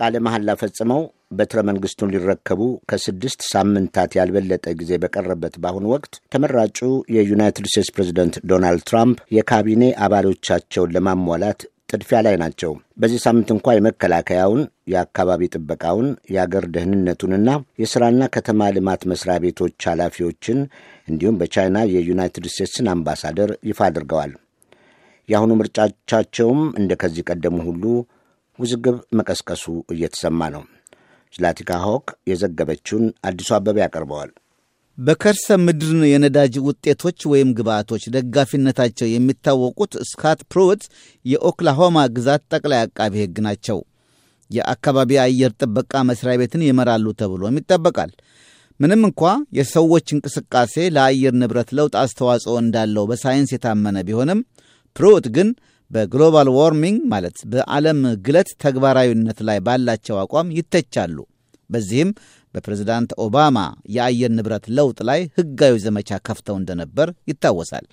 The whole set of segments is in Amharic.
ቃለ መሐላ ፈጽመው በትረ መንግስቱን ሊረከቡ ከስድስት ሳምንታት ያልበለጠ ጊዜ በቀረበት በአሁኑ ወቅት ተመራጩ የዩናይትድ ስቴትስ ፕሬዚደንት ዶናልድ ትራምፕ የካቢኔ አባሎቻቸውን ለማሟላት ጥድፊያ ላይ ናቸው። በዚህ ሳምንት እንኳ የመከላከያውን፣ የአካባቢ ጥበቃውን፣ የአገር ደህንነቱንና የሥራና ከተማ ልማት መስሪያ ቤቶች ኃላፊዎችን እንዲሁም በቻይና የዩናይትድ ስቴትስን አምባሳደር ይፋ አድርገዋል። የአሁኑ ምርጫቻቸውም እንደ ከዚህ ቀደሙ ሁሉ ውዝግብ መቀስቀሱ እየተሰማ ነው። ዝላቲካ ሆክ የዘገበችውን አዲሱ አበበ ያቀርበዋል። በከርሰ ምድር የነዳጅ ውጤቶች ወይም ግብአቶች ደጋፊነታቸው የሚታወቁት ስካት ፕሩት የኦክላሆማ ግዛት ጠቅላይ አቃቢ ሕግ ናቸው። የአካባቢ አየር ጥበቃ መስሪያ ቤትን ይመራሉ ተብሎም ይጠበቃል። ምንም እንኳ የሰዎች እንቅስቃሴ ለአየር ንብረት ለውጥ አስተዋጽኦ እንዳለው በሳይንስ የታመነ ቢሆንም ፕሩት ግን በግሎባል ዋርሚንግ ማለት በዓለም ግለት ተግባራዊነት ላይ ባላቸው አቋም ይተቻሉ። በዚህም በፕሬዝዳንት ኦባማ የአየር ንብረት ለውጥ ላይ ሕጋዊ ዘመቻ ከፍተው እንደነበር ይታወሳል።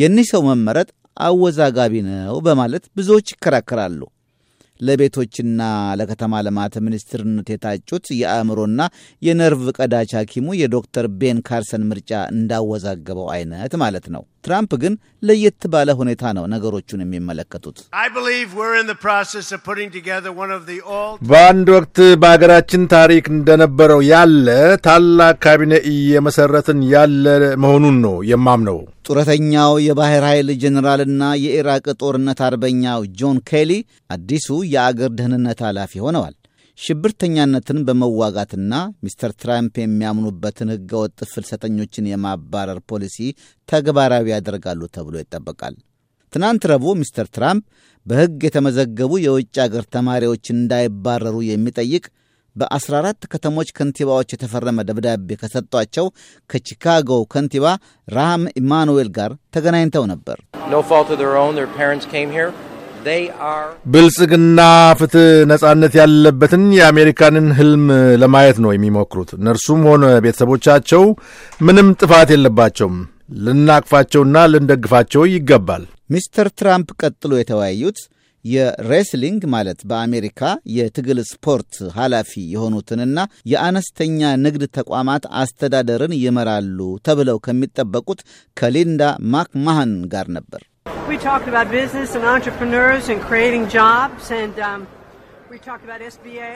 የኒህ ሰው መመረጥ አወዛጋቢ ነው በማለት ብዙዎች ይከራከራሉ። ለቤቶችና ለከተማ ልማት ሚኒስትርነት የታጩት የአእምሮና የነርቭ ቀዳች ሐኪሙ የዶክተር ቤን ካርሰን ምርጫ እንዳወዛገበው አይነት ማለት ነው። ትራምፕ ግን ለየት ባለ ሁኔታ ነው ነገሮቹን የሚመለከቱት። በአንድ ወቅት በሀገራችን ታሪክ እንደነበረው ያለ ታላቅ ካቢኔ እየመሰረትን ያለ መሆኑን ነው የማምነው። ጡረተኛው የባህር ኃይል ጀኔራልና የኢራቅ ጦርነት አርበኛው ጆን ኬሊ አዲሱ የአገር ደህንነት ኃላፊ ሆነዋል። ሽብርተኛነትን በመዋጋትና ሚስተር ትራምፕ የሚያምኑበትን ህገወጥ ፍልሰተኞችን የማባረር ፖሊሲ ተግባራዊ ያደርጋሉ ተብሎ ይጠበቃል። ትናንት ረቡዕ ሚስተር ትራምፕ በሕግ የተመዘገቡ የውጭ አገር ተማሪዎች እንዳይባረሩ የሚጠይቅ በ14 ከተሞች ከንቲባዎች የተፈረመ ደብዳቤ ከሰጧቸው ከቺካጎው ከንቲባ ራም ኢማኑዌል ጋር ተገናኝተው ነበር። ብልጽግና ፍትህ፣ ነጻነት ያለበትን የአሜሪካንን ህልም ለማየት ነው የሚሞክሩት። እነርሱም ሆነ ቤተሰቦቻቸው ምንም ጥፋት የለባቸውም። ልናቅፋቸውና ልንደግፋቸው ይገባል። ሚስተር ትራምፕ ቀጥሎ የተወያዩት የሬስሊንግ ማለት በአሜሪካ የትግል ስፖርት ኃላፊ የሆኑትንና የአነስተኛ ንግድ ተቋማት አስተዳደርን ይመራሉ ተብለው ከሚጠበቁት ከሊንዳ ማክማሃን ጋር ነበር። We talked about business and entrepreneurs and creating jobs and um,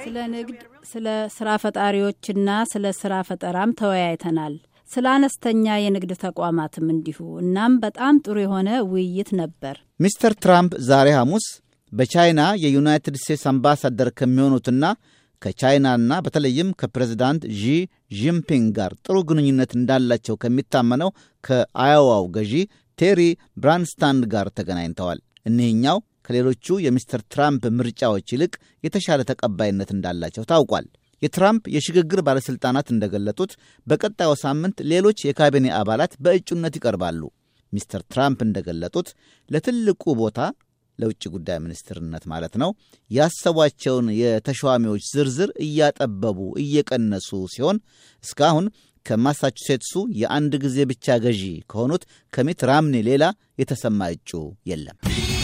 ስለ ንግድ፣ ስለ ስራ ፈጣሪዎችና ስለ ስራ ፈጠራም ተወያይተናል። ስለ አነስተኛ የንግድ ተቋማትም እንዲሁ። እናም በጣም ጥሩ የሆነ ውይይት ነበር። ሚስተር ትራምፕ ዛሬ ሐሙስ በቻይና የዩናይትድ ስቴትስ አምባሳደር ከሚሆኑትና ከቻይናና በተለይም ከፕሬዚዳንት ዢ ጂንፒንግ ጋር ጥሩ ግንኙነት እንዳላቸው ከሚታመነው ከአዮዋው ገዢ ቴሪ ብራንስታንድ ጋር ተገናኝተዋል። እኒህኛው ከሌሎቹ የሚስተር ትራምፕ ምርጫዎች ይልቅ የተሻለ ተቀባይነት እንዳላቸው ታውቋል። የትራምፕ የሽግግር ባለሥልጣናት እንደገለጡት በቀጣዩ ሳምንት ሌሎች የካቢኔ አባላት በእጩነት ይቀርባሉ። ሚስተር ትራምፕ እንደገለጡት ለትልቁ ቦታ ለውጭ ጉዳይ ሚኒስትርነት ማለት ነው። ያሰቧቸውን የተሿሚዎች ዝርዝር እያጠበቡ እየቀነሱ ሲሆን እስካሁን ከማሳቹሴትሱ የአንድ ጊዜ ብቻ ገዢ ከሆኑት ከሚት ራምኒ ሌላ የተሰማ እጩ የለም።